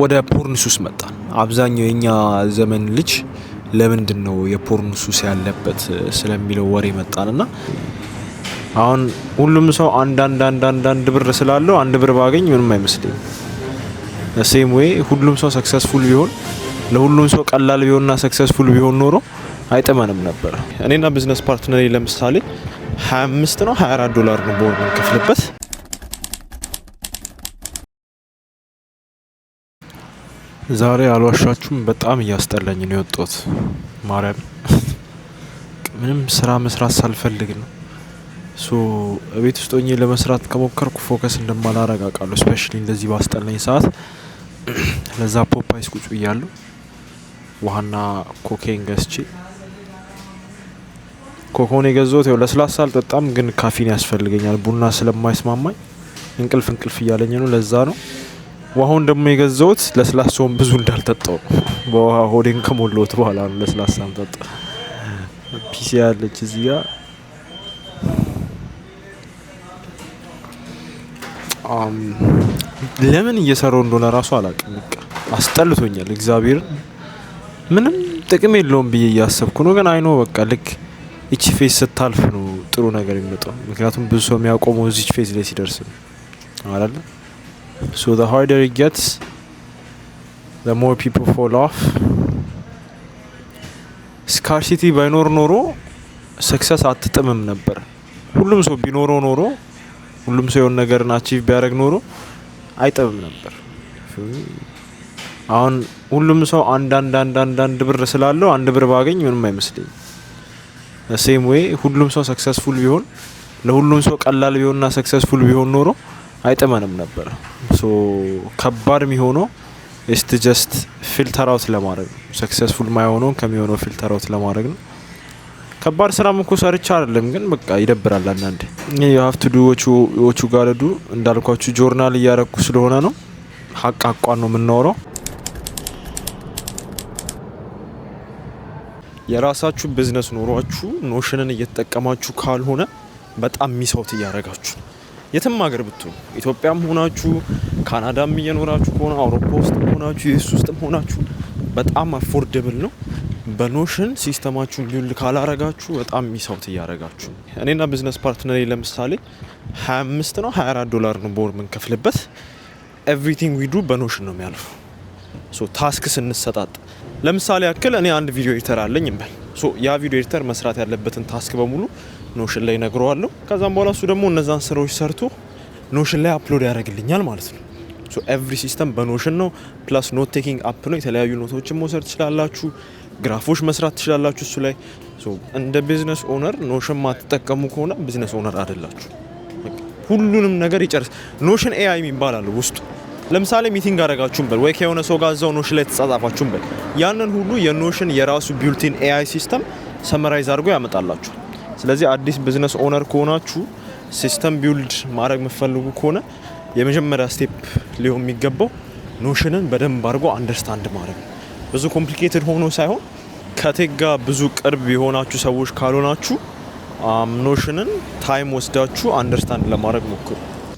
ወደ ፖርን ሱስ መጣን። አብዛኛው የኛ ዘመን ልጅ ለምንድን ነው የፖርን ሱስ ያለበት ስለሚለው ወሬ መጣን አሁን ሁሉም ሰው አንዳንድ አንዳንድ አንድ ብር ስላለው አንድ ብር ባገኝ ምንም አይመስለኝም። ሴም ወይ ሁሉም ሰው ሰክሰስፉል ቢሆን ለሁሉም ሰው ቀላል ቢሆንና ሰክሰስፉል ቢሆን ኖሮ አይጥመንም ነበር። እኔና ቢዝነስ ፓርትነሬ ለምሳሌ 25 ነው 24 ዶላር ነው በወር የምንከፍልበት ዛሬ አልዋሻችሁም በጣም እያስጠላኝ ነው የወጣሁት። ማርያም ምንም ስራ መስራት ሳልፈልግ ነው። ሶ ቤት ውስጥ ሆኜ ለመስራት ከሞከርኩ ፎከስ እንደማላረግ አውቃለሁ። ስፔሻሊ እንደዚህ ባስጠላኝ ሰዓት ለዛ ፖፓይስ ቁጭ ብያለሁ። ውሀና ኮኬን ገዝቼ ኮኮን የገዛሁት ያው ለስላሳ አልጠጣም፣ ግን ካፊን ያስፈልገኛል ቡና ስለማይስማማኝ እንቅልፍ እንቅልፍ እያለኝ ነው። ለዛ ነው ውሃውን ደግሞ የገዛሁት ለስላሳውን ብዙ እንዳልጠጣው በውሃ ሆዴን ከሞላሁት በኋላ ነው ለስላሳ ምጠጣ። ፒሲ ያለች እዚህ ጋ ለምን እየሰራው እንደሆነ ራሱ አላውቅም። አስጠልቶኛል። እግዚአብሔርን ምንም ጥቅም የለውም ብዬ እያሰብኩ ነው። ግን አይኖ በቃ ልክ እቺ ፌስ ስታልፍ ነው ጥሩ ነገር የሚመጣው። ምክንያቱም ብዙ ሰው የሚያቆመው እዚች ፌስ ላይ ሲደርስ ነው አይደለ So the harder it gets, the more people fall off. ስካርሲቲ ባይኖር ኖሮ ሰክሰስ አትጥምም ነበር። ሁሉም ሰው ቢኖረው ኖሮ ሁሉም ሰው የሆነ ነገርን አቺቭ ቢያደርግ ኖሮ አይጥምም ነበር። አሁን ሁሉም ሰው አንዳንድ አንዳንድ ብር ስላለው አንድ ብር ባገኝ ምንም አይመስለኝ። ሴም ዌይ ሁሉም ሰው ሰክሰስፉል ቢሆን ለሁሉም ሰው ቀላል ቢሆንና ሰክሰስፉል ቢሆን ኖሮ አይጥመንም ነበር። ሶ ከባድ የሚሆነው ኢስት ጀስት ፊልተር አውት ለማድረግ ነው። ሰክሰስፉል ማይሆነውን ከሚሆነው ፊልተር አውት ለማድረግ ነው። ከባድ ስራ ምኮ ሰርቻ አይደለም፣ ግን በቃ ይደብራል አንዳንዴ። የሀፍቱ ዱዎቹ ጋለዱ እንዳልኳችሁ ጆርናል እያረኩ ስለሆነ ነው። ሀቅ አቋን ነው የምናወራው። የራሳችሁ ቢዝነስ ኖሯችሁ ኖሽንን እየተጠቀማችሁ ካልሆነ በጣም ሚሳውት እያደረጋችሁ የትም ሀገር ብትሆኑ ኢትዮጵያም ሆናችሁ ካናዳም እየኖራችሁ ከሆነ አውሮፓ ውስጥም ሆናችሁ የሱ ውስጥም ሆናችሁ በጣም አፎርደብል ነው። በኖሽን ሲስተማችሁን ሊውል ካላረጋችሁ በጣም ሚሳውት እያረጋችሁ። እኔና ቢዝነስ ፓርትነሬ ለምሳሌ 25 ነው 24 ዶላር ነው በወር የምንከፍልበት። ኤቭሪቲንግ ዊዱ በኖሽን ነው የሚያልፉ ታስክ ስንሰጣጥ ለምሳሌ ያክል እኔ አንድ ቪዲዮ ኤዲተር አለኝ እንበል። ያ ቪዲዮ ኤዲተር መስራት ያለበትን ታስክ በሙሉ ኖሽን ላይ ነግረዋለሁ። ከዛም በኋላ እሱ ደግሞ እነዛን ስራዎች ሰርቶ ኖሽን ላይ አፕሎድ ያደርግልኛል ማለት ነው። ሶ ኤቭሪ ሲስተም በኖሽን ነው። ፕላስ ኖት ቴኪንግ አፕ ነው። የተለያዩ ኖቶችን መውሰድ ትችላላችሁ፣ ግራፎች መስራት ትችላላችሁ እሱ ላይ። እንደ ቢዝነስ ኦነር ኖሽን ማትጠቀሙ ከሆነ ቢዝነስ ኦነር አይደላችሁ። ሁሉንም ነገር ይጨርስ። ኖሽን ኤአይ የሚባል አለ ውስጡ። ለምሳሌ ሚቲንግ አደረጋችሁም በል ወይ ከሆነ ሰው ጋር እዛው ኖሽን ላይ ተጻጻፋችሁን በል ያንን ሁሉ የኖሽን የራሱ ቢልቲን ኤአይ ሲስተም ሰመራይዝ አድርጎ ያመጣላችኋል። ስለዚህ አዲስ ቢዝነስ ኦነር ከሆናችሁ ሲስተም ቢውልድ ማድረግ የምትፈልጉ ከሆነ የመጀመሪያ ስቴፕ ሊሆን የሚገባው ኖሽንን በደንብ አድርጎ አንደርስታንድ ማድረግ ብዙ ኮምፕሊኬትድ ሆኖ ሳይሆን ከቴክ ጋር ብዙ ቅርብ የሆናችሁ ሰዎች ካልሆናችሁ ኖሽንን um, ታይም ወስዳችሁ አንደርስታንድ ለማድረግ ሞክሩ።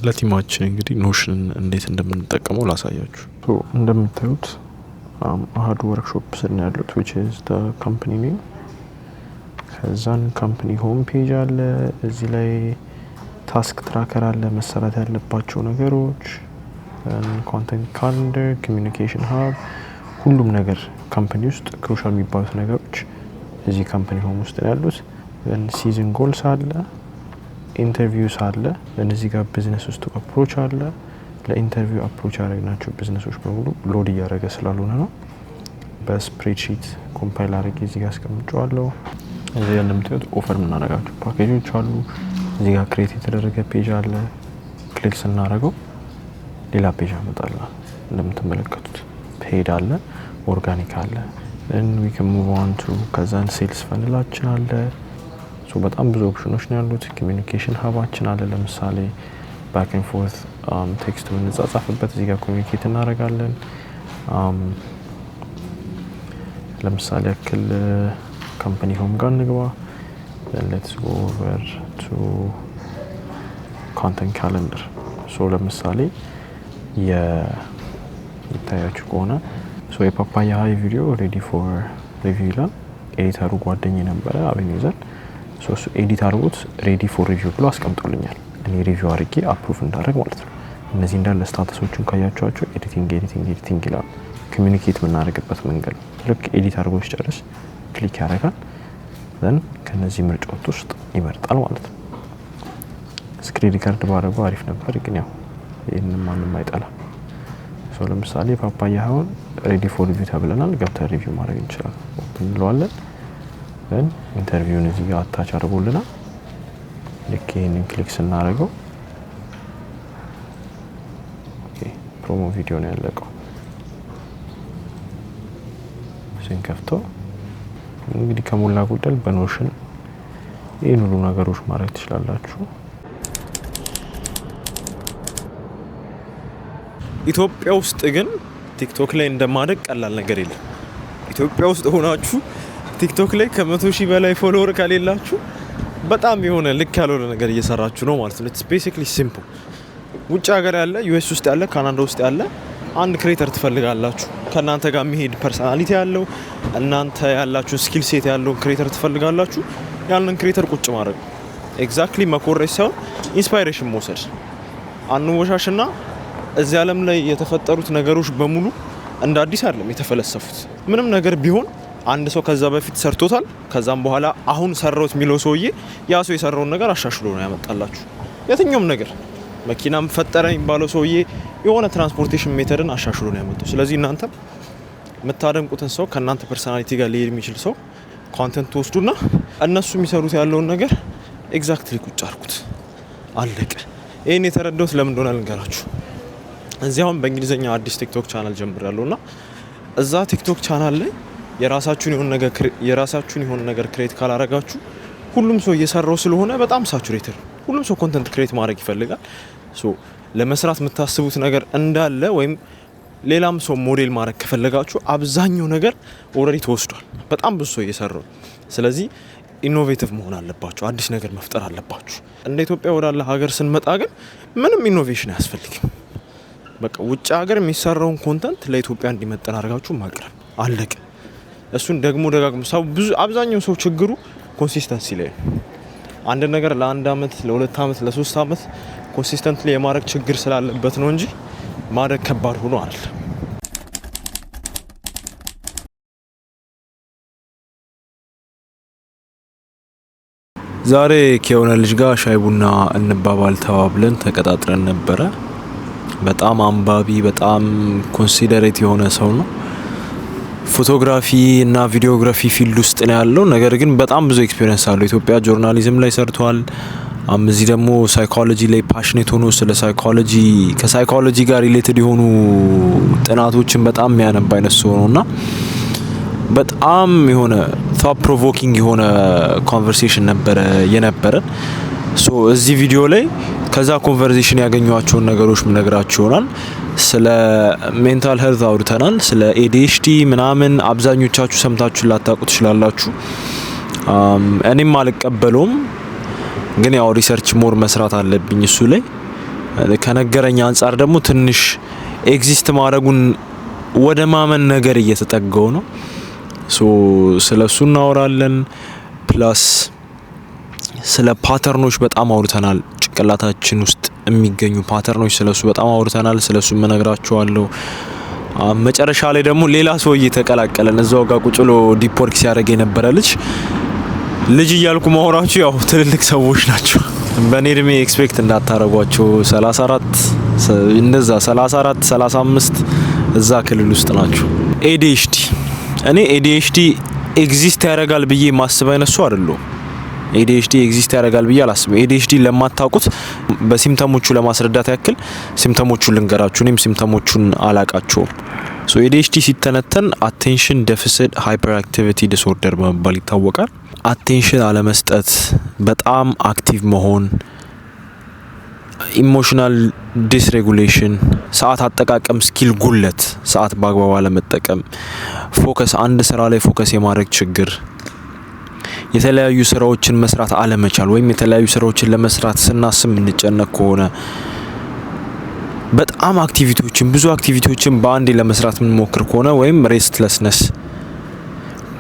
ለቲማችን እንግዲህ ኖሽንን እንዴት እንደምንጠቀመው ላሳያችሁ። እንደምታዩት አሀዱ ወርክሾፕ ስን ያሉት ዊች ኔም ከዛን ካምፕኒ ሆም ፔጅ አለ። እዚህ ላይ ታስክ ትራከር አለ፣ መሰራት ያለባቸው ነገሮች፣ ኮንተንት ካለንደር፣ ኮሚኒኬሽን ሀብ፣ ሁሉም ነገር ካምፕኒ ውስጥ ክሩሻል የሚባሉት ነገሮች እዚህ ካምፕኒ ሆም ውስጥ ያሉት። ሲዝን ጎልስ አለ፣ ኢንተርቪውስ አለ። እነዚህ ጋር ቢዝነስ ውስጥ አፕሮች አለ። ለኢንተርቪው አፕሮች ያደረግናቸው ቢዝነሶች በሙሉ ሎድ እያደረገ ስላልሆነ ነው። በስፕሬድሺት ኮምፓይል አድርጌ እዚህ ጋር እዚህ ጋር እንደምታዩት ኦፈር የምናደርጋቸው ፓኬጆች አሉ። እዚህ ጋር ክሬት የተደረገ ፔጅ አለ። ክሊክ ስናደርገው ሌላ ፔጅ አመጣልናል። እንደምትመለከቱት ፔድ አለ፣ ኦርጋኒክ አለ፣ ን ዊክሙቫንቱ ከዛን ሴልስ ፈንላችን አለ። በጣም ብዙ ኦፕሽኖች ነው ያሉት። ኮሚኒኬሽን ሀባችን አለ። ለምሳሌ ባክን ፎርት ቴክስት የምንጻጻፍበት እዚህ ጋር ኮሚኒኬት እናደርጋለን። um, ለምሳሌ ያክል ካምፓኒ ሆም ጋር እንግባ። ሌትስ ጎ ኦቨር ቱ ኮንተንት ካለንደር። ሶ ለምሳሌ የታያችሁ ከሆነ ሶ የፓፓያ ሀይ ቪዲዮ ሬዲ ፎር ሪቪው ይላል። ኤዲተሩ ጓደኝ የነበረ አቤኔዘር ሶ ኤዲት አድርጎት ሬዲ ፎር ሪቪው ብሎ አስቀምጦልኛል። እኔ ሪቪው አድርጌ አፕሩቭ እንዳደረግ ማለት ነው። እነዚህ እንዳለ ስታተሶቹን ካያቸዋቸው ኤዲቲንግ ኤዲቲንግ ኤዲቲንግ ይላል። ኮሚኒኬት የምናደርግበት መንገድ ልክ ኤዲት አድርጎ ሲጨርስ ክሊክ ያደርጋል። ዘን ከነዚህ ምርጫዎች ውስጥ ይመርጣል ማለት ነው። ስክሪን ሪካርድ ባደረጉ አሪፍ ነበር፣ ግን ያው ይህንን ማንም አይጠላም። ሰው ለምሳሌ ፓፓያ አሁን ሬዲ ፎር ሪቪው ተብለናል። ገብተን ሪቪው ማድረግ እንችላለን እንለዋለን። ዘን ኢንተርቪውን እዚህ ጋር አታች አድርጎልናል። ልክ ይህንን ክሊክ ስናደርገው ፕሮሞ ቪዲዮ ነው ያለቀው ስንከፍተው እንግዲህ ከሞላ ጎደል በኖሽን ይህን ሁሉ ነገሮች ማድረግ ትችላላችሁ። ኢትዮጵያ ውስጥ ግን ቲክቶክ ላይ እንደማደግ ቀላል ነገር የለም። ኢትዮጵያ ውስጥ ሆናችሁ ቲክቶክ ላይ ከመቶ ሺህ በላይ ፎሎወር ከሌላችሁ በጣም የሆነ ልክ ያልሆነ ነገር እየሰራችሁ ነው ማለት ነው። ኢትስ ቤሲክሊ ሲምፕል። ውጭ ሀገር ያለ ዩኤስ ውስጥ ያለ ካናዳ ውስጥ ያለ አንድ ክሬተር ትፈልጋላችሁ። ከእናንተ ጋር የሚሄድ ፐርሶናሊቲ ያለው እናንተ ያላችሁ ስኪል ሴት ያለውን ክሬተር ትፈልጋላችሁ። ያንን ክሬተር ቁጭ ማድረግ ኤግዛክትሊ መኮረጅ ሳይሆን ኢንስፓይሬሽን መውሰድ አንወሻሽና እዚህ ዓለም ላይ የተፈጠሩት ነገሮች በሙሉ እንደ አዲስ አይደለም የተፈለሰፉት። ምንም ነገር ቢሆን አንድ ሰው ከዛ በፊት ሰርቶታል። ከዛም በኋላ አሁን ሰራውት የሚለው ሰውዬ ያ ሰው የሰራውን ነገር አሻሽሎ ነው ያመጣላችሁ። የትኛውም ነገር መኪናም ፈጠረ የሚባለው ሰውዬ የሆነ ትራንስፖርቴሽን ሜተድን አሻሽሎ ነው ያመጡ። ስለዚህ እናንተም የምታደምቁትን ሰው ከእናንተ ፐርሶናሊቲ ጋር ሊሄድ የሚችል ሰው ኮንተንት ትወስዱና እነሱ የሚሰሩት ያለውን ነገር ኤግዛክትሊ ቁጭ አርኩት፣ አለቀ። ይህን የተረዳሁት ለምን እንደሆነ ልንገራችሁ። እዚህ በእንግሊዝኛ አዲስ ቲክቶክ ቻናል ጀምሬያለሁ እና እዛ ቲክቶክ ቻናል ላይ የራሳችሁን የሆነ ነገር ክሬት ካላረጋችሁ ሁሉም ሰው እየሰራው ስለሆነ በጣም ሳቹሬትድ፣ ሁሉም ሰው ኮንተንት ክሬት ማድረግ ይፈልጋል። ለመስራት የምታስቡት ነገር እንዳለ ወይም ሌላም ሰው ሞዴል ማድረግ ከፈለጋችሁ አብዛኛው ነገር ኦልሬዲ ተወስዷል። በጣም ብዙ ሰው እየሰሩ ስለዚህ ኢኖቬቲቭ መሆን አለባችሁ፣ አዲስ ነገር መፍጠር አለባችሁ። እንደ ኢትዮጵያ ወዳለ ሀገር ስንመጣ ግን ምንም ኢኖቬሽን አያስፈልግም። በቃ ውጭ ሀገር የሚሰራውን ኮንተንት ለኢትዮጵያ እንዲመጠን አድርጋችሁ ማቅረብ አለቀ። እሱን ደግሞ ደጋግሞ ሰው ብዙ አብዛኛው ሰው ችግሩ ኮንሲስተንሲ ላይ ነው። አንድ ነገር ለአንድ አመት፣ ለሁለት አመት፣ ለሶስት አመት ኮንሲስተንትሊ የማድረግ ችግር ስላለበት ነው እንጂ ማድረግ ከባድ ሆኖ አይደለም። ዛሬ ከሆነ ልጅ ጋር ሻይ ቡና እንባባል ተባብለን ተቀጣጥረን ነበረ። በጣም አንባቢ፣ በጣም ኮንሲደሬት የሆነ ሰው ነው። ፎቶግራፊ እና ቪዲዮግራፊ ፊልድ ውስጥ ነው ያለው። ነገር ግን በጣም ብዙ ኤክስፔሪንስ አለው። ኢትዮጵያ ጆርናሊዝም ላይ ሰርቷል። እዚህ ደግሞ ሳይኮሎጂ ላይ ፓሽኔት ሆኖ ስለ ሳይኮሎጂ ከሳይኮሎጂ ጋር ሪሌትድ የሆኑ ጥናቶችን በጣም የሚያነብ አይነት ሰው ነው እና በጣም የሆነ ቶፕ ፕሮቮኪንግ የሆነ ኮንቨርሴሽን ነበረ የነበረን። ሶ እዚህ ቪዲዮ ላይ ከዛ ኮንቨርሴሽን ያገኟቸውን ነገሮች ምነግራችሁ ይሆናል። ስለ ሜንታል ሄልት አውርተናል። ስለ ኤዲኤችዲ ምናምን አብዛኞቻችሁ ሰምታችሁ ላታውቁ ትችላላችሁ። እኔም አልቀበለውም ግን ያው ሪሰርች ሞር መስራት አለብኝ እሱ ላይ ከነገረኝ አንጻር ደግሞ ትንሽ ኤግዚስት ማድረጉን ወደ ማመን ነገር እየተጠጋው ነው። ሶ ስለ እሱ እናወራለን። ፕላስ ስለ ፓተርኖች በጣም አውርተናል። ጭንቅላታችን ውስጥ የሚገኙ ፓተርኖች ስለ እሱ በጣም አውርተናል። ስለ እሱ እነግራችኋለሁ። መጨረሻ ላይ ደግሞ ሌላ ሰውዬ ተቀላቀለን። እዛው ጋር ቁጭሎ ዲፕ ወርክ ሲያደርግ የነበረ ልጅ ልጅ እያልኩ ማውራችሁ ያው ትልልቅ ሰዎች ናቸው። በእኔ እድሜ ኤክስፔክት እንዳታረጓቸው 34 እንደዛ 34 35 እዛ ክልል ውስጥ ናቸው። ኤዲኤችዲ እኔ ኤዲኤችዲ ኤግዚስት ያደርጋል ብዬ ማስብ አይነት ሰው አይደለሁም። ኤዲኤችዲ ኤግዚስት ያደርጋል ብዬ አላስብም። ኤዲኤችዲ ለማታውቁት በሲምተሞቹ ለማስረዳት ያክል ሲምተሞቹን ልንገራችሁ። እኔም ሲምተሞቹን አላቃቸውም። ሶ ኤዲኤችዲ ሲተነተን አቴንሽን ደፍስት ሃይፐር አክቲቪቲ ዲስኦርደር በመባል ይታወቃል። አቴንሽን አለመስጠት፣ በጣም አክቲቭ መሆን፣ ኢሞሽናል ዲስሬጉሌሽን፣ ሰዓት አጠቃቀም ስኪል ጉለት፣ ሰዓት በአግባቡ አለመጠቀም፣ ፎከስ፣ አንድ ስራ ላይ ፎከስ የማድረግ ችግር፣ የተለያዩ ስራዎችን መስራት አለመቻል ወይም የተለያዩ ስራዎችን ለመስራት ስናስብ የምንጨነቅ ከሆነ በጣም አክቲቪቲዎችን ብዙ አክቲቪቲዎችን በአንዴ ለመስራት የምንሞክር ከሆነ ወይም ሬስትለስነስ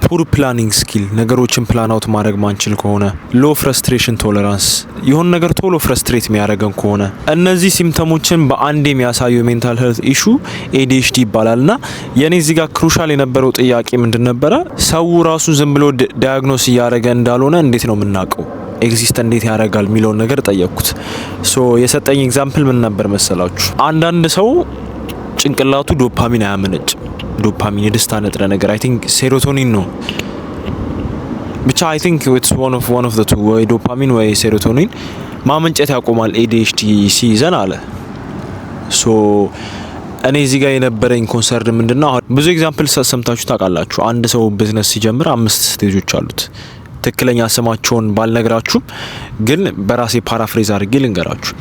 ፑር ፕላኒንግ ስኪል፣ ነገሮችን ፕላን አውት ማድረግ ማንችል ከሆነ፣ ሎ ፍረስትሬሽን ቶለራንስ፣ የሆን ነገር ቶሎ ፍረስትሬት የሚያደርገን ከሆነ እነዚህ ሲምፕተሞችን በአንድ የሚያሳዩ የሜንታል ሄልት ኢሹ ኤዲኤችዲ ይባላል። ና የእኔ እዚህ ጋር ክሩሻል የነበረው ጥያቄ ምንድን ነበረ? ሰው ራሱ ዝም ብሎ ዳያግኖስ እያደረገ እንዳልሆነ እንዴት ነው የምናውቀው ኤግዚስት እንዴት ያደርጋል የሚለውን ነገር ጠየቅኩት። ሶ የሰጠኝ ኤግዛምፕል ምን ነበር መሰላችሁ? አንዳንድ ሰው ጭንቅላቱ ዶፓሚን አያመነጭም። ዶፓሚን የደስታ ንጥረ ነገር አይ ቲንክ ሴሮቶኒን ነው ብቻ አይ ቲንክ ኢትስ ዋን ኦፍ ዋን ኦፍ ዘ ቱ ወይ ዶፓሚን ወይ ሴሮቶኒን ማመንጨት ያቆማል ኤዲኤችዲ ሲይዘን አለ። ሶ እኔ እዚህ ጋር የነበረኝ ኮንሰርን ምንድነው፣ ብዙ ኤግዛምፕል ሰምታችሁ ታውቃላችሁ። አንድ ሰው ቢዝነስ ሲጀምር አምስት ስቴጆች አሉት። ትክክለኛ ስማቸውን ባልነግራችሁም ግን በራሴ ፓራፍሬዝ አድርጌ ልንገራችሁ።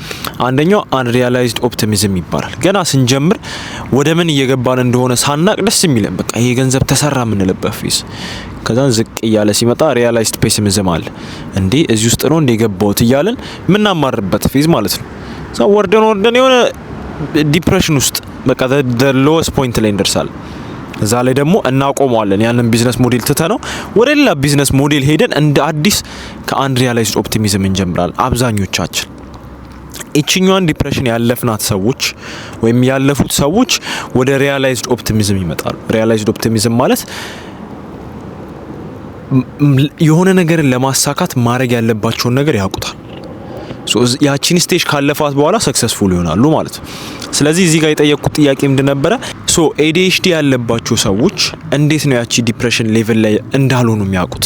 አንደኛው አንሪያላይዝድ ኦፕቲሚዝም ይባላል። ገና ስንጀምር ወደ ምን እየገባን እንደሆነ ሳናቅ ደስ የሚለን በቃ ይሄ ገንዘብ ተሰራ የምንልበት ፌዝ ከዛን ዝቅ እያለ ሲመጣ ሪያላይዝድ ፔሲሚዝም አለ። እንዴ እዚህ ውስጥ ነው እንዴ የገባሁት እያለን የምናማርበት ፌዝ ማለት ነው። ወርደን ወርደን የሆነ ዲፕሬሽን ውስጥ በቃ ሎወስ ፖይንት ላይ እንደርሳለን። እዛ ላይ ደግሞ እናቆመዋለን። ያንን ቢዝነስ ሞዴል ትተ ነው ወደ ሌላ ቢዝነስ ሞዴል ሄደን እንደ አዲስ ከአንድ ሪያላይዝድ ኦፕቲሚዝም እንጀምራለን። አብዛኞቻችን ይችኛዋን ዲፕሬሽን ያለፍናት ሰዎች ወይም ያለፉት ሰዎች ወደ ሪያላይዝድ ኦፕቲሚዝም ይመጣሉ። ሪያላይዝድ ኦፕቲሚዝም ማለት የሆነ ነገርን ለማሳካት ማድረግ ያለባቸውን ነገር ያውቁታል። ያቺን ስቴጅ ካለፋት በኋላ ሰክሰስፉል ይሆናሉ ማለት ነው። ስለዚህ እዚህ ጋር የጠየቅኩት ጥያቄ ምንድን ነበረ? ሶ ኤዲኤችዲ ያለባቸው ሰዎች እንዴት ነው ያቺ ዲፕሬሽን ሌቭል ላይ እንዳልሆኑ የሚያውቁት?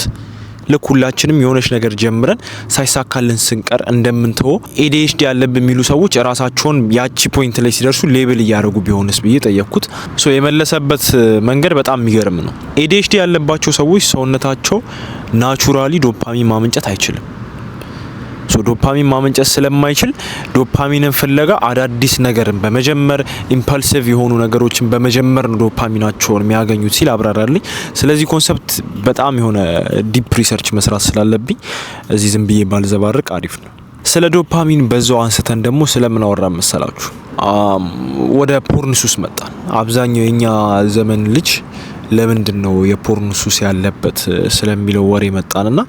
ልክ ሁላችንም የሆነች ነገር ጀምረን ሳይሳካልን ስንቀር እንደምንተወ ኤዲኤችዲ ያለብ የሚሉ ሰዎች ራሳቸውን ያቺ ፖይንት ላይ ሲደርሱ ሌብል እያደረጉ ቢሆንስ ብዬ ጠየቅኩት። ሶ የመለሰበት መንገድ በጣም የሚገርም ነው። ኤዲኤችዲ ያለባቸው ሰዎች ሰውነታቸው ናቹራሊ ዶፓሚን ማመንጨት አይችልም። ሶ ዶፓሚን ማመንጨት ስለማይችል ዶፓሚንን ፍለጋ አዳዲስ ነገርን በመጀመር ኢምፓልሲቭ የሆኑ ነገሮችን በመጀመር ነው ዶፓሚናቸውን የሚያገኙት ሲል አብራራልኝ። ስለዚህ ኮንሰፕት በጣም የሆነ ዲፕ ሪሰርች መስራት ስላለብኝ እዚህ ዝም ብዬ ባልዘባርቅ አሪፍ ነው። ስለ ዶፓሚን በዛው አንስተን ደግሞ ስለምን አወራ መሰላችሁ ወደ ፖርን ሱስ መጣን። አብዛኛው የኛ ዘመን ልጅ ለምንድን ነው የፖርን ሱስ ያለበት ስለሚለው ወሬ መጣንና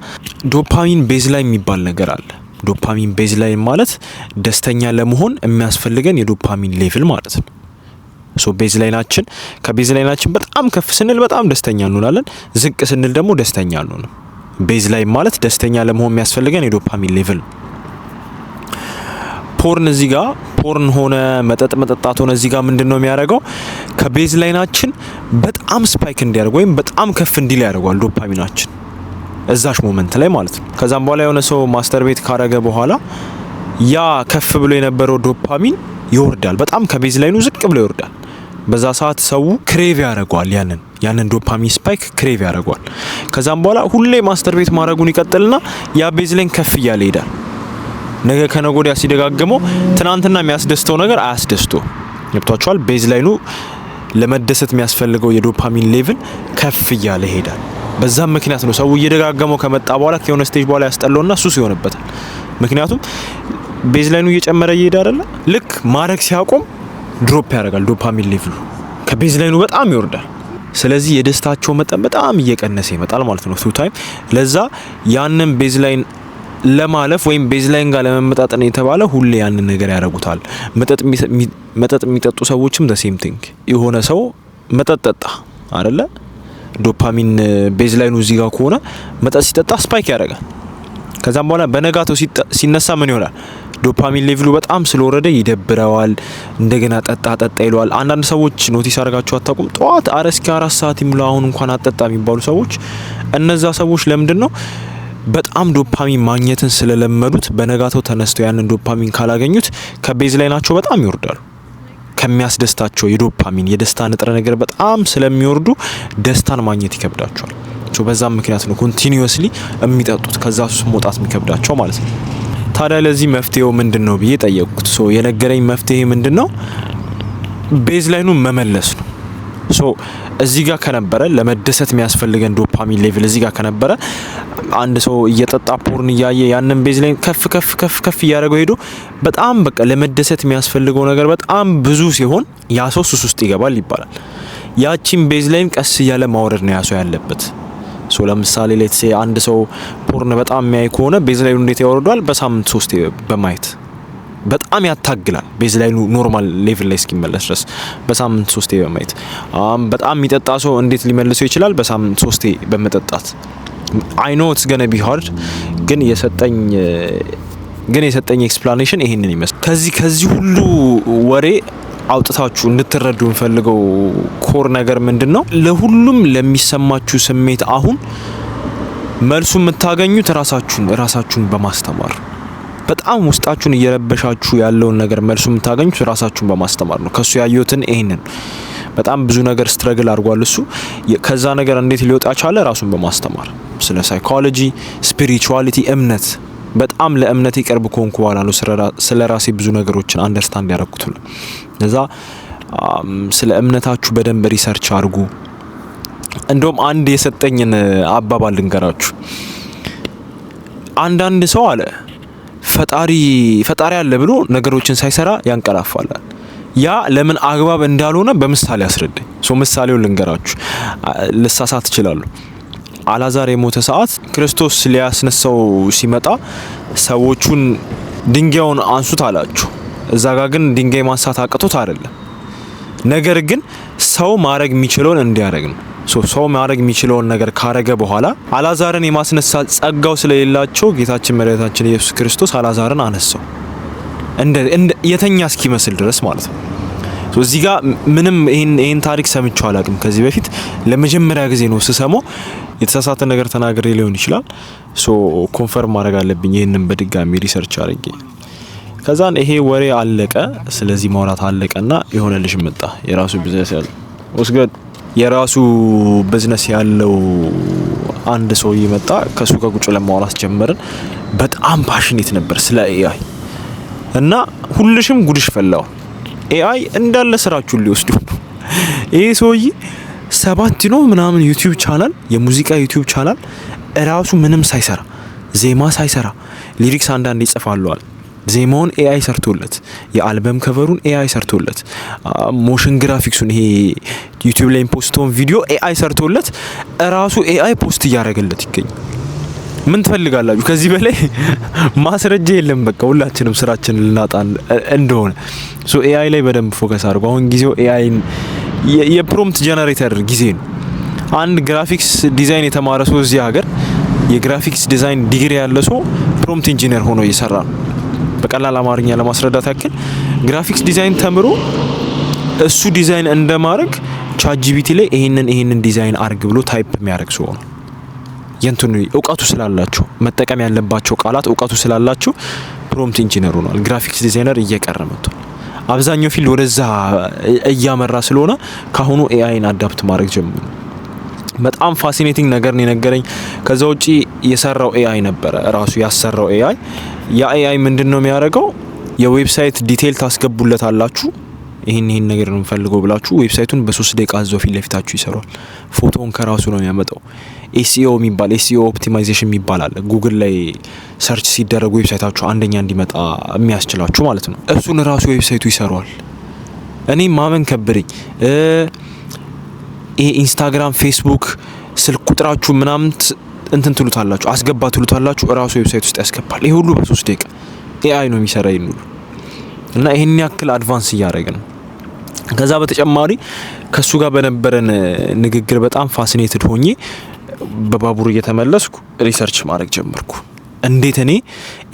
ዶፓሚን ቤዝ ላይ የሚባል ነገር አለ ዶፓሚን ቤዝ ላይን ማለት ደስተኛ ለመሆን የሚያስፈልገን የዶፓሚን ሌቭል ማለት ነው። ሶ ቤዝ ላይናችን ከቤዝ ላይናችን በጣም ከፍ ስንል በጣም ደስተኛ እንሆናለን። ዝቅ ስንል ደግሞ ደስተኛ አንሆንም። ቤዝ ላይን ማለት ደስተኛ ለመሆን የሚያስፈልገን የዶፓሚን ሌቭል ነው። ፖርን እዚህ ጋር ፖርን ሆነ መጠጥ መጠጣት ሆነ እዚህ ጋር ምንድን ነው የሚያደርገው? ከቤዝ ላይናችን በጣም ስፓይክ እንዲያደርግ ወይም በጣም ከፍ እንዲል ያደርገዋል ዶፓሚናችን እዛሽ ሞመንት ላይ ማለት ነው። ከዛም በኋላ የሆነ ሰው ማስተር ቤት ካረገ በኋላ ያ ከፍ ብሎ የነበረው ዶፓሚን ይወርዳል። በጣም ከቤዝ ላይኑ ዝቅ ብሎ ይወርዳል። በዛ ሰዓት ሰው ክሬቭ ያደርገዋል። ያንን ያንን ዶፓሚን ስፓይክ ክሬቭ ያደርገዋል። ከዛም በኋላ ሁሌ ማስተር ቤት ማድረጉን ይቀጥልና ያ ቤዝ ላይን ከፍ እያለ ይሄዳል። ነገ ከነገ ወዲያ ሲደጋግመው ትናንትና የሚያስደስተው ነገር አያስደስቶ ገብቷቸዋል። ቤዝ ላይኑ ለመደሰት የሚያስፈልገው የዶፓሚን ሌቭል ከፍ እያለ ይሄዳል። በዛም ምክንያት ነው ሰው እየደጋገመው ከመጣ በኋላ ከሆነ ስቴጅ በኋላ ያስጠላውና ሱስ ይሆንበታል። ምክንያቱም ቤዝላይኑ እየጨመረ እየሄደ አይደለ? ልክ ማድረግ ሲያቆም ድሮፕ ያደርጋል። ዶፓሚን ሌቭሉ ከቤዝላይኑ በጣም ይወርዳል። ስለዚህ የደስታቸው መጠን በጣም እየቀነሰ ይመጣል ማለት ነው ቱ ታይም። ለዛ ያንን ቤዝላይን ለማለፍ ወይም ቤዝላይን ጋር ለመመጣጠን የተባለ ሁሌ ያንን ነገር ያደርጉታል። መጠጥ የሚጠጡ ሰዎችም ደ ሴም ቲንግ የሆነ ሰው መጠጥ ጠጣ አይደለ ዶፓሚን ቤዝ ላይኑ እዚህ ጋር ከሆነ መጠጥ ሲጠጣ ስፓይክ ያደርጋል። ከዛም በኋላ በነጋቶ ሲነሳ ምን ይሆናል? ዶፓሚን ሌቭሉ በጣም ስለወረደ ይደብረዋል። እንደገና ጠጣ ጠጣ ይለዋል። አንዳንድ ሰዎች ኖቲስ አድርጋችሁ አታውቁም? ጠዋት አረ እስኪ አራት ሰዓት ይሙላ አሁን እንኳን አጠጣ የሚባሉ ሰዎች እነዛ ሰዎች ለምንድን ነው በጣም ዶፓሚን ማግኘትን ስለለመዱት በነጋተው ተነስተው ያንን ዶፓሚን ካላገኙት ከቤዝ ላይ ናቸው በጣም ይወርዳሉ። ከሚያስደስታቸው የዶፓሚን የደስታ ንጥረ ነገር በጣም ስለሚወርዱ ደስታን ማግኘት ይከብዳቸዋል። በዛም ምክንያት ነው ኮንቲኒዮስሊ የሚጠጡት ከዛ ሱስ መውጣት የሚከብዳቸው ማለት ነው። ታዲያ ለዚህ መፍትሄው ምንድን ነው ብዬ ጠየቅኩት። የነገረኝ መፍትሄ ምንድን ነው? ቤዝ ላይኑ መመለስ ነው። ሶ እዚህ ጋር ከነበረ ለመደሰት የሚያስፈልገን ዶፓሚን ሌቭል እዚህ ጋር ከነበረ አንድ ሰው እየጠጣ ፖርን እያየ ያንን ቤዝ ላይ ከፍ ከፍ ከፍ ከፍ እያደረገው ሄዶ በጣም በቃ ለመደሰት የሚያስፈልገው ነገር በጣም ብዙ ሲሆን ያ ሰው ሱስ ውስጥ ይገባል ይባላል። ያቺን ቤዝ ላይን ቀስ እያለ ማውረድ ነው ያ ያለበት። ሶ ለምሳሌ ሌትሴ አንድ ሰው ፖርን በጣም የሚያይ ከሆነ ቤዝ ላይ እንዴት ያወርዷል? በሳምንት ሶስት በማየት በጣም ያታግላል ቤዝ ላይ ኖርማል ሌቭል ላይ እስኪመለስ ድረስ በሳምንት ሶስቴ በማየት በጣም የሚጠጣ ሰው እንዴት ሊመልሰው ይችላል? በሳምንት ሶስቴ በመጠጣት አይኖት ገነ ቢ ግን የሰጠኝ ግን የሰጠኝ ኤክስፕላኔሽን ይሄንን ይመስል ከዚህ ከዚህ ሁሉ ወሬ አውጥታችሁ እንድትረዱ የምፈልገው ኮር ነገር ምንድን ነው? ለሁሉም ለሚሰማችሁ ስሜት አሁን መልሱ የምታገኙት ራሳችሁን ራሳችሁን በማስተማር በጣም ውስጣችሁን እየረበሻችሁ ያለውን ነገር መልሱ የምታገኙት ራሳችሁን በማስተማር ነው። ከሱ ያየሁትን ይህንን በጣም ብዙ ነገር ስትረግል አድርጓል። እሱ ከዛ ነገር እንዴት ሊወጣ ቻለ? ራሱን በማስተማር ስለ ሳይኮሎጂ፣ ስፒሪቹዋሊቲ፣ እምነት በጣም ለእምነት ቅርብ ከሆንኩ በኋላ ነው ስለ ራሴ ብዙ ነገሮችን አንደርስታንድ ያደረኩት። ለዛ ስለ እምነታችሁ በደንብ ሪሰርች አድርጉ። እንደውም አንድ የሰጠኝን አባባል ልንገራችሁ። አንዳንድ ሰው አለ ፈጣሪ ፈጣሪ አለ ብሎ ነገሮችን ሳይሰራ ያንቀላፋላል። ያ ለምን አግባብ እንዳልሆነ በምሳሌ አስረዳኝ። ሶ ምሳሌውን ልንገራችሁ። ልሳሳት ይችላሉ። አላዛር የሞተ ሰዓት ክርስቶስ ሊያስነሳው ሲመጣ ሰዎቹን ድንጋዩን አንሱት አላችሁ። እዛ ጋር ግን ድንጋይ ማንሳት አቅቶት አይደለም፣ ነገር ግን ሰው ማድረግ የሚችለውን እንዲያደርግ ነው። ሰው ማድረግ የሚችለውን ነገር ካረገ በኋላ አላዛርን የማስነሳት ጸጋው ስለሌላቸው ጌታችን መድኃኒታችን ኢየሱስ ክርስቶስ አላዛርን አነሳው እንደ የተኛ እስኪመስል ድረስ ማለት ነው። እዚህ ጋር ምንም ይህን ታሪክ ሰምቼው አላቅም ከዚህ በፊት ለመጀመሪያ ጊዜ ነው ስሰማው። የተሳሳተ ነገር ተናግሬ ሊሆን ይችላል። ሶ ኮንፈርም ማድረግ አለብኝ ይህንን በድጋሚ ሪሰርች አድርጌ። ከዛን ይሄ ወሬ አለቀ፣ ስለዚህ ማውራት አለቀ። ና የሆነ ልጅ መጣ የራሱ ቢዝነስ ያዘ ወስገድ የራሱ ብዝነስ ያለው አንድ ሰው ይመጣ ከእሱ ጋር ቁጭ ለማውራት ጀመርን። በጣም ፓሽኔት ነበር ስለ ኤአይ እና ሁልሽም ጉድሽ ፈላው። ኤአይ እንዳለ ስራችሁን ሊወስዱ ይሄ ሰውዬ ሰባት ነው ምናምን ዩቲዩብ ቻናል የሙዚቃ ዩቲዩብ ቻናል እራሱ ምንም ሳይሰራ ዜማ ሳይሰራ ሊሪክስ አንዳንድ ይጽፋለዋል ዜማውን ኤአይ ሰርቶለት፣ የአልበም ከቨሩን ኤአይ ሰርቶለት፣ ሞሽን ግራፊክሱን ይሄ ዩቲዩብ ላይ ፖስቶን ቪዲዮ ኤአይ ሰርቶለት እራሱ ኤአይ ፖስት እያደረገለት ይገኛል። ምን ትፈልጋላችሁ? ከዚህ በላይ ማስረጃ የለም። በቃ ሁላችንም ስራችን ልናጣን እንደሆነ ሶ ኤአይ ላይ በደንብ ፎከስ አድርጉ። አሁን ጊዜው ኤአይን የፕሮምፕት ጀነሬተር ጊዜ ነው። አንድ ግራፊክስ ዲዛይን የተማረ ሰው እዚህ ሀገር የግራፊክስ ዲዛይን ዲግሪ ያለ ሰው ፕሮምፕት ኢንጂነር ሆኖ እየሰራ ነው። በቀላል አማርኛ ለማስረዳት ያክል ግራፊክስ ዲዛይን ተምሮ እሱ ዲዛይን እንደማድረግ ቻት ጂቢቲ ላይ ይህንን ይህንን ዲዛይን አርግ ብሎ ታይፕ የሚያደርግ ሰው ነው። የንትን እውቀቱ ስላላቸው መጠቀም ያለባቸው ቃላት እውቀቱ ስላላቸው ፕሮምፕት ኢንጂነር ሆኗል። ግራፊክስ ዲዛይነር እየቀረ መጥቷል። አብዛኛው ፊልድ ወደዛ እያመራ ስለሆነ ከአሁኑ ኤአይን አዳፕት ማድረግ ጀምሩ። በጣም ፋሲኔቲንግ ነገር ነው የነገረኝ። ከዛ ውጪ የሰራው ኤአይ ነበረ ራሱ ያሰራው ኤአይ። ያ ኤአይ ምንድን ነው የሚያደርገው? የዌብሳይት ታስገቡለት አላችሁ ይህን ይህን ነገር ነው የምፈልገው ብላችሁ ዌብሳይቱን በሶስት ደቂቃ እዛው ፊት ለፊታችሁ ይሰሯል። ፎቶውን ከራሱ ነው የሚያመጣው። ኤስኢኦ e የሚባል ኤስኢኦ e ኦፕቲማይዜሽን የሚባል አለ። ጉግል ላይ ሰርች ሲደረጉ ዌብሳይታችሁ አንደኛ እንዲመጣ የሚያስችላችሁ ማለት ነው። እሱን ራሱ ዌብሳይቱ ይሰሯል። እኔ ማመን ከብድኝ ይሄ ኢንስታግራም፣ ፌስቡክ ስልክ ቁጥራችሁ ምናምን እንትን ትሉታላችሁ፣ አስገባ ትሉታላችሁ። እራሱ ዌብሳይት ውስጥ ያስገባል። ይሄ ሁሉ በሶስት ደቂቃ ኤአይ ነው የሚሰራ ሁሉ እና ይህን ያክል አድቫንስ እያደረገ ነው። ከዛ በተጨማሪ ከእሱ ጋር በነበረን ንግግር በጣም ፋሲኔትድ ሆኜ በባቡር እየተመለስኩ ሪሰርች ማድረግ ጀመርኩ። እንዴት እኔ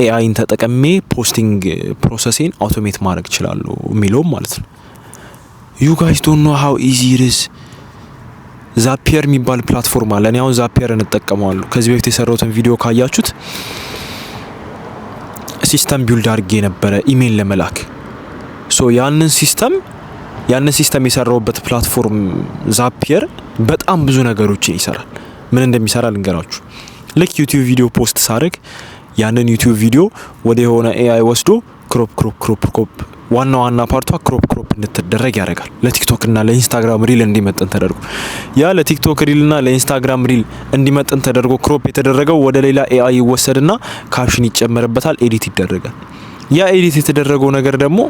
ኤአይን ተጠቀሜ ፖስቲንግ ፕሮሰሴን አውቶሜት ማድረግ እችላለሁ የሚለውም ማለት ነው ዩ ጋይስ ዶንት ኖ ሃው ኢዚ ኢት ኢዝ ዛፒየር የሚባል ፕላትፎርም አለ። እኔ አሁን ዛፒየር እንጠቀመዋለሁ። ከዚህ በፊት የሰራሁትን ቪዲዮ ካያችሁት ሲስተም ቢውልድ አድርጌ ነበረ ኢሜይል ለመላክ ሶ ያንን ሲስተም ያንን ሲስተም የሰራውበት ፕላትፎርም ዛፒየር በጣም ብዙ ነገሮችን ይሰራል። ምን እንደሚሰራ ልንገራችሁ። ልክ ዩቲዩብ ቪዲዮ ፖስት ሳደርግ ያንን ዩቲዩብ ቪዲዮ ወደ የሆነ ኤአይ ወስዶ ክሮፕ ክሮፕ ክሮፕ ክሮፕ ዋና ዋና ፓርቷ ክሮፕ ክሮፕ እንድትደረግ ያደርጋል። ለቲክቶክና ለኢንስታግራም ሪል እንዲመጥን ተደርጎ ያ ለቲክቶክ ሪልና ለኢንስታግራም ሪል እንዲመጥን ተደርጎ ክሮፕ የተደረገው ወደ ሌላ ኤአይ ይወሰድና ካፕሽን ይጨመርበታል፣ ኤዲት ይደረጋል። ያ ኤዲት የተደረገው ነገር ደግሞ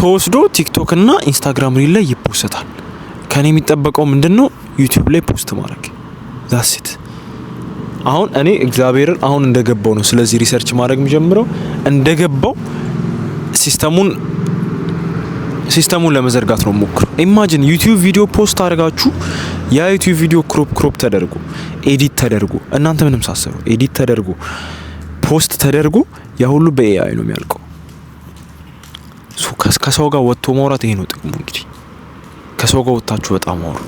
ተወስዶ ቲክቶክና ኢንስታግራም ሪል ላይ ይፖሰታል። ከኔ የሚጠበቀው ምንድን ነው? ዩቲዩብ ላይ ፖስት ማድረግ ዛሴት አሁን እኔ እግዚአብሔርን አሁን እንደገባው ነው ስለዚህ ሪሰርች ማድረግ የሚጀምረው እንደገባው ሲስተሙን ሲስተሙን ለመዘርጋት ነው ሞክሩ። ኢማጂን ዩቲዩብ ቪዲዮ ፖስት አድርጋችሁ ያ ዩቲዩብ ቪዲዮ ክሮፕ ክሮፕ ተደርጎ ኤዲት ተደርጎ እናንተ ምንም ሳሰሩ ኤዲት ተደርጎ ፖስት ተደርጎ ያ ሁሉ በኤአይ ነው የሚያልቀው። ከሰው ጋር ወጥቶ ማውራት ይሄ ነው ጥቅሙ። እንግዲህ ከሰው ጋር ወጥታችሁ በጣም አውሩ።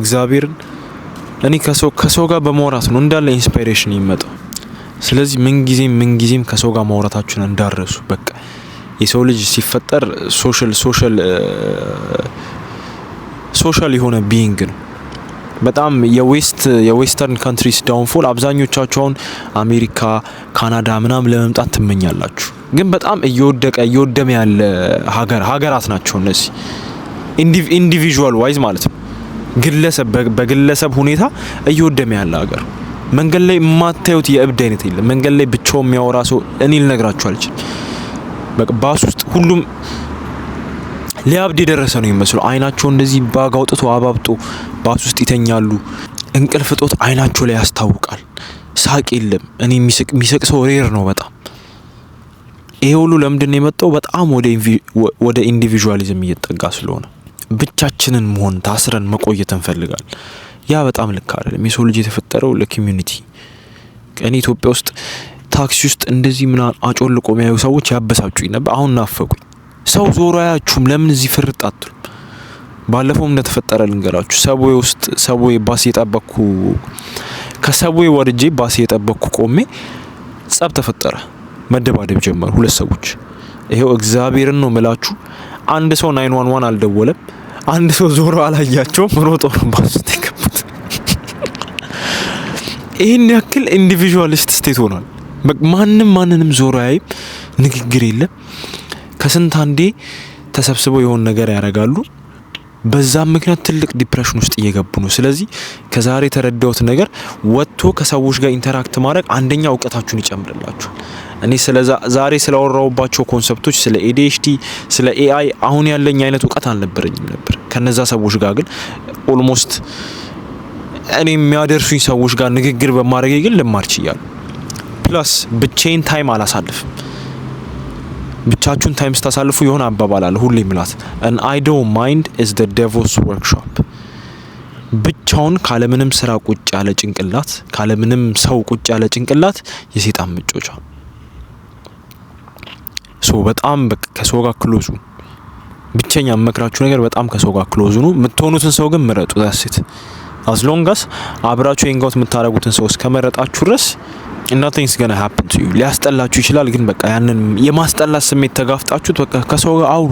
እግዚአብሔርን እኔ ከሰው ከሰው ጋር በማውራት ነው እንዳለ ኢንስፓይሬሽን የሚመጣው ስለዚህ ምንጊዜም ምንጊዜም ከሰው ጋር ማውራታችሁን እንዳረሱ በቃ የሰው ልጅ ሲፈጠር ሶሻል ሶሻል ሶሻል የሆነ ቢይንግ ነው። በጣም የዌስት የዌስተርን ካንትሪስ ዳውንፎል አብዛኞቻቸውን አሜሪካ፣ ካናዳ ምናምን ለመምጣት ትመኛላችሁ። ግን በጣም እየወደቀ እየወደመ ያለ ሀገር ሀገራት ናቸው እነዚህ ኢንዲቪዥዋል ዋይዝ ማለት ነው። ግለሰብ በግለሰብ ሁኔታ እየወደመ ያለ ሀገር መንገድ ላይ የማታዩት የእብድ አይነት የለም። መንገድ ላይ ብቻው የሚያወራ ሰው እኔ ልነግራችሁ አልችል ባስ ውስጥ ሁሉም ሊያብድ የደረሰ ነው ይመስሉ። አይናቸው እንደዚህ ባግ አውጥቶ አባብጦ ባስ ውስጥ ይተኛሉ። እንቅልፍ እጦት አይናቸው ላይ ያስታውቃል። ሳቅ የለም። እኔ የሚስቅ ሰው ሬር ነው በጣም ይሄ ሁሉ ለምንድን የመጣው? በጣም ወደ ኢንዲቪዥዋሊዝም እየጠጋ ስለሆነ ብቻችንን መሆን ታስረን መቆየት እንፈልጋል። ያ በጣም ልክ አይደለም። የሰው ልጅ የተፈጠረው ለኮሚዩኒቲ እኔ ኢትዮጵያ ውስጥ ታክሲ ውስጥ እንደዚህ ምናምን አጮልቆ የሚያዩ ሰዎች ያበሳጩኝ ነበር። አሁን ናፈቁኝ። ሰው ዞሮ አያችሁም። ለምን እዚህ ፍርጥ አትሉም? ባለፈው እንደተፈጠረ ልንገራችሁ። ሰብዌ ውስጥ ሰብዌ ባስ የጠበቅኩ ከሰብዌ ወርጄ ባስ የጠበቅኩ ቆሜ ጸብ ተፈጠረ። መደባደብ ጀመሩ ሁለት ሰዎች። ይሄው እግዚአብሔርን ነው ምላችሁ። አንድ ሰው ናይን ዋን ዋን አልደወለም። አንድ ሰው ዞሮ አላያቸውም። ሮጦ ነው ባስ የገቡት። ይህን ያክል ኢንዲቪዥዋሊስት ስቴት ሆኗል። ማንም ማንንም ዞሮ ያይም፣ ንግግር የለም። ከስንት አንዴ ተሰብስበው የሆን ነገር ያደርጋሉ። በዛም ምክንያት ትልቅ ዲፕሬሽን ውስጥ እየገቡ ነው። ስለዚህ ከዛሬ የተረዳሁት ነገር ወጥቶ ከሰዎች ጋር ኢንተራክት ማድረግ አንደኛ እውቀታችሁን ይጨምርላችሁ። እኔ ስለ ዛሬ ስላወራውባቸው ኮንሰፕቶች፣ ስለ ኤዲኤችዲ፣ ስለ ኤአይ አሁን ያለኝ አይነት እውቀት አልነበረኝም ነበር። ከነዛ ሰዎች ጋር ግን ኦልሞስት እኔ የሚያደርሱኝ ሰዎች ጋር ንግግር በማድረግ ግን ልማር ችያለሁ። ፕላስ ብቼን ታይም አላሳልፍም። ብቻችሁን ታይም ስታሳልፉ የሆነ አባባል አለ ሁሌ ምላት አን አይዶል ማይንድ ኢዝ ዘ ዴቭልስ ወርክሾፕ። ብቻውን ካለምንም ስራ ቁጭ ያለ ጭንቅላት፣ ካለምንም ሰው ቁጭ ያለ ጭንቅላት የሴጣን መጮቻ። ሶ በጣም ከሰው ጋር ክሎዙ ብቸኛ መክራችሁ ነገር በጣም ከሰው ጋር ክሎዙ ነው። የምትሆኑትን ሰው ግን ምረጡ። ዛሴት አስሎንጋስ አብራችሁ ኤንጋውት የምታደርጉትን ሰው እስከመረጣችሁ ድረስ እናቲንግስ ገና ሀፕን ቱ ዩ ሊያስጠላችሁ ይችላል፣ ግን በቃ ያንን የማስጠላት ስሜት ተጋፍጣችሁት በቃ ከሰው ጋር አውሩ።